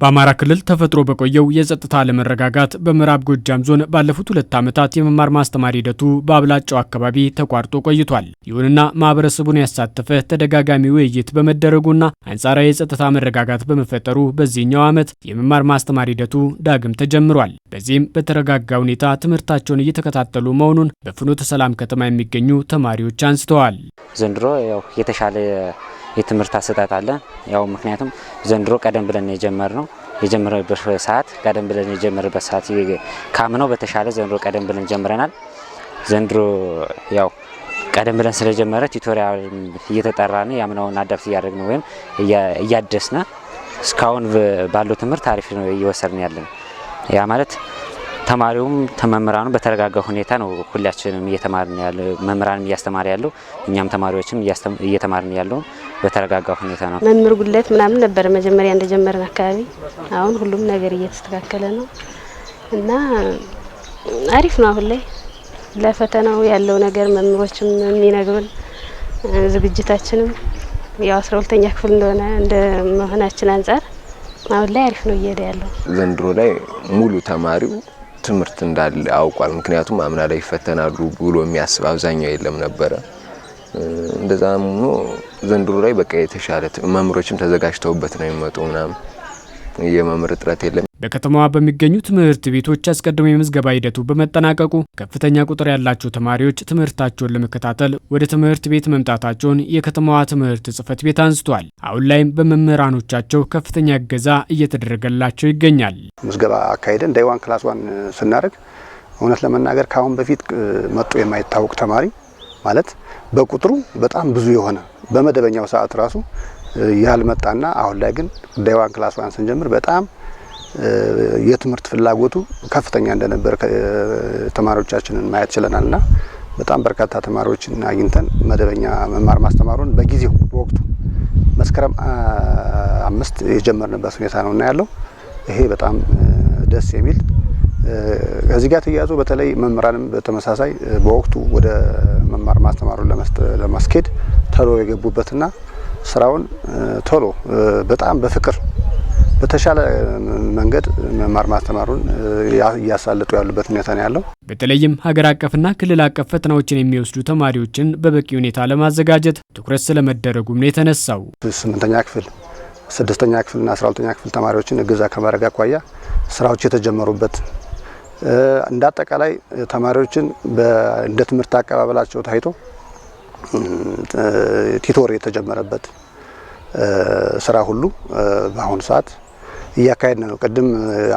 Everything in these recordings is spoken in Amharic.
በአማራ ክልል ተፈጥሮ በቆየው የጸጥታ አለመረጋጋት በምዕራብ ጎጃም ዞን ባለፉት ሁለት ዓመታት የመማር ማስተማር ሂደቱ በአብላጫው አካባቢ ተቋርጦ ቆይቷል። ይሁንና ማህበረሰቡን ያሳተፈ ተደጋጋሚ ውይይት በመደረጉና አንጻራዊ የጸጥታ መረጋጋት በመፈጠሩ በዚህኛው ዓመት የመማር ማስተማር ሂደቱ ዳግም ተጀምሯል። በዚህም በተረጋጋ ሁኔታ ትምህርታቸውን እየተከታተሉ መሆኑን በፍኖተ ሰላም ከተማ የሚገኙ ተማሪዎች አንስተዋል። ዘንድሮ ያው የተሻለ የትምህርት አሰጣጥ አለ። ያው ምክንያቱም ዘንድሮ ቀደም ብለን ነው የጀመረበት ሰዓት ቀደም ብለን የጀመረበት ሰዓት ካምነው በተሻለ ዘንድሮ ቀደም ብለን ጀምረናል። ዘንድሮ ያው ቀደም ብለን ስለጀመረ ቱቶሪያል እየተጠራን ያምናውን አዳፕት እያደረግን ወይም እያደስነ እስካሁን ባለው ትምህርት አሪፍ እየወሰድን ያለን ያ ማለት ተማሪውም ተመምህራኑ በተረጋጋ ሁኔታ ነው። ሁላችንም እየተማርን ያለ መምህራንም እያስተማረ ያለው እኛም ተማሪዎችም እየተማርን ያለው በተረጋጋ ሁኔታ ነው። መምህር ጉለት ምናምን ነበር መጀመሪያ እንደጀመረን አካባቢ። አሁን ሁሉም ነገር እየተስተካከለ ነው እና አሪፍ ነው። አሁን ላይ ለፈተናው ያለው ነገር መምህሮችም የሚነግሩን ዝግጅታችንም ያው አስራ ሁለተኛ ክፍል እንደሆነ እንደ መሆናችን አንጻር አሁን ላይ አሪፍ ነው እየሄደ ያለው። ዘንድሮ ላይ ሙሉ ተማሪው ትምህርት እንዳለ አውቋል። ምክንያቱም አምና ላይ ይፈተናሉ ብሎ የሚያስብ አብዛኛው የለም ነበረ። እንደዛም ሆኖ ዘንድሮ ላይ በቃ የተሻለ መምሮችም ተዘጋጅተውበት ነው የሚመጡ ምናምን የመምህር እጥረት የለም። በከተማዋ በሚገኙ ትምህርት ቤቶች አስቀድሞ የምዝገባ ሂደቱ በመጠናቀቁ ከፍተኛ ቁጥር ያላቸው ተማሪዎች ትምህርታቸውን ለመከታተል ወደ ትምህርት ቤት መምጣታቸውን የከተማዋ ትምህርት ጽሕፈት ቤት አንስቷል። አሁን ላይም በመምህራኖቻቸው ከፍተኛ እገዛ እየተደረገላቸው ይገኛል። ምዝገባ አካሄደን ዳይዋን ክላስ ዋን ስናደርግ እውነት ለመናገር ከአሁን በፊት መጡ የማይታወቅ ተማሪ ማለት በቁጥሩ በጣም ብዙ የሆነ በመደበኛው ሰዓት ራሱ ያልመጣና አሁን ላይ ግን ዳይ ክላስ ዋን ስንጀምር በጣም የትምህርት ፍላጎቱ ከፍተኛ እንደነበር ተማሪዎቻችንን ማየት ችለናልና በጣም በርካታ ተማሪዎችን አግኝተን መደበኛ መማር ማስተማሩን በጊዜው በወቅቱ መስከረም አምስት የጀመርንበት ሁኔታ ነው እና ያለው ይሄ በጣም ደስ የሚል ከዚህ ጋር ተያይዞ በተለይ መምህራንም በተመሳሳይ በወቅቱ ወደ መማር ማስተማሩን ለማስኬድ ቶሎ የገቡበትና ስራውን ቶሎ በጣም በፍቅር በተሻለ መንገድ መማር ማስተማሩን እያሳለጡ ያሉበት ሁኔታ ነው ያለው። በተለይም ሀገር አቀፍና ክልል አቀፍ ፈተናዎችን የሚወስዱ ተማሪዎችን በበቂ ሁኔታ ለማዘጋጀት ትኩረት ስለመደረጉም ነው የተነሳው። ስምንተኛ ክፍል፣ ስድስተኛ ክፍልና አስራ ሁለተኛ ክፍል ተማሪዎችን እገዛ ከማድረግ አኳያ ስራዎች የተጀመሩበት እንደ አጠቃላይ ተማሪዎችን እንደ ትምህርት አቀባበላቸው ታይቶ ቲቶር የተጀመረበት ስራ ሁሉ በአሁኑ ሰዓት እያካሄድ ነው። ቅድም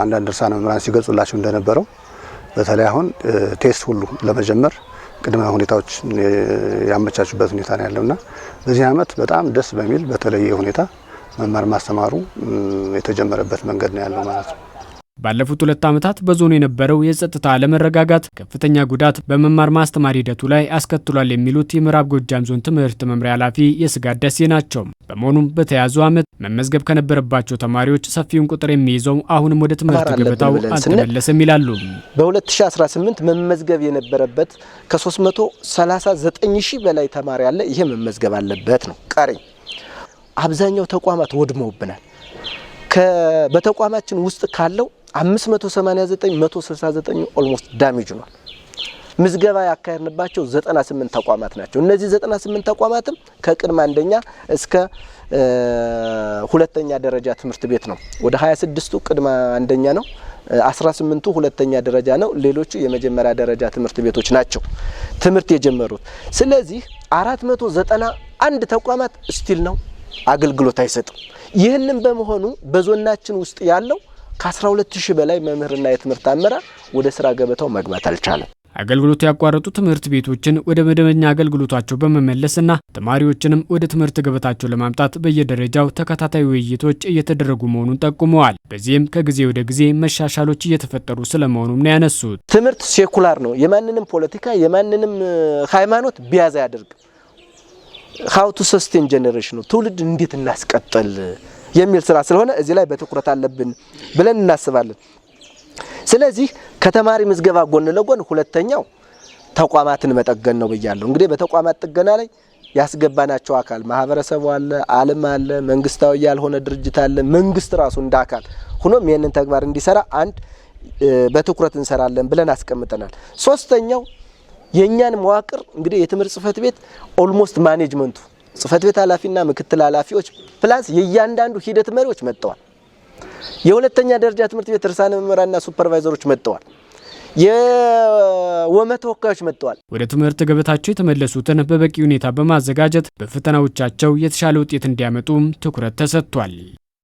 አንዳንድ እርሳነ መምህራን ሲገልጹላቸው እንደነበረው በተለይ አሁን ቴስት ሁሉ ለመጀመር ቅድመ ሁኔታዎች ያመቻቹበት ሁኔታ ነው ያለውና በዚህ ዓመት በጣም ደስ በሚል በተለየ ሁኔታ መማር ማስተማሩ የተጀመረበት መንገድ ነው ያለው ማለት ነው። ባለፉት ሁለት ዓመታት በዞኑ የነበረው የጸጥታ አለመረጋጋት ከፍተኛ ጉዳት በመማር ማስተማር ሂደቱ ላይ አስከትሏል የሚሉት የምዕራብ ጎጃም ዞን ትምህርት መምሪያ ኃላፊ የስጋት ደሴ ናቸው። በመሆኑም በተያዙ ዓመት መመዝገብ ከነበረባቸው ተማሪዎች ሰፊውን ቁጥር የሚይዘው አሁንም ወደ ትምህርት ገበታው አልተመለሰም ይላሉ። በ2018 መመዝገብ የነበረበት ከ339 ሺህ በላይ ተማሪ አለ። ይሄ መመዝገብ አለበት ነው። ቀሪ አብዛኛው ተቋማት ወድመውብናል። በተቋማችን ውስጥ ካለው 589 169 ኦልሞስት ዳሜጅ ሆኗል። ምዝገባ ያካሄድንባቸው 98 ተቋማት ናቸው። እነዚህ 98 ተቋማትም ከቅድመ አንደኛ እስከ ሁለተኛ ደረጃ ትምህርት ቤት ነው። ወደ 26ቱ ቅድመ አንደኛ ነው፣ 18ቱ ሁለተኛ ደረጃ ነው። ሌሎቹ የመጀመሪያ ደረጃ ትምህርት ቤቶች ናቸው ትምህርት የጀመሩት። ስለዚህ 491 ተቋማት ስቲል ነው አገልግሎት አይሰጥም። ይህንን በመሆኑ በዞናችን ውስጥ ያለው ከ12 ሺህ በላይ መምህርና የትምህርት አመራር ወደ ስራ ገበታው መግባት አልቻለም። አገልግሎት ያቋረጡ ትምህርት ቤቶችን ወደ መደበኛ አገልግሎታቸው በመመለስና ተማሪዎችንም ወደ ትምህርት ገበታቸው ለማምጣት በየደረጃው ተከታታይ ውይይቶች እየተደረጉ መሆኑን ጠቁመዋል። በዚህም ከጊዜ ወደ ጊዜ መሻሻሎች እየተፈጠሩ ስለመሆኑም ነው ያነሱት። ትምህርት ሴኩላር ነው። የማንንም ፖለቲካ፣ የማንንም ሃይማኖት ቢያዝ አያደርግም። ሀውቱ ሶስቴን ጀኔሬሽን ነው። ትውልድ እንዴት እናስቀጥል የሚል ስራ ስለሆነ እዚህ ላይ በትኩረት አለብን ብለን እናስባለን። ስለዚህ ከተማሪ ምዝገባ ጎን ለጎን ሁለተኛው ተቋማትን መጠገን ነው ብያለሁ። እንግዲህ በተቋማት ጥገና ላይ ያስገባናቸው አካል ማህበረሰቡ አለ፣ ዓለም አለ፣ መንግስታዊ ያልሆነ ድርጅት አለ። መንግስት ራሱ እንደ አካል ሆኖም ይህንን ተግባር እንዲሰራ አንድ በትኩረት እንሰራለን ብለን አስቀምጠናል። ሶስተኛው የእኛን መዋቅር እንግዲህ የትምህርት ጽህፈት ቤት ኦልሞስት ማኔጅመንቱ ጽህፈት ቤት ኃላፊና ምክትል ኃላፊዎች ፕላስ የእያንዳንዱ ሂደት መሪዎች መጥተዋል። የሁለተኛ ደረጃ ትምህርት ቤት እርሳነ መምህራንና ሱፐርቫይዘሮች መጥተዋል። የወመ ተወካዮች መጥተዋል። ወደ ትምህርት ገበታቸው የተመለሱትን በበቂ ሁኔታ በማዘጋጀት በፈተናዎቻቸው የተሻለ ውጤት እንዲያመጡ ትኩረት ተሰጥቷል።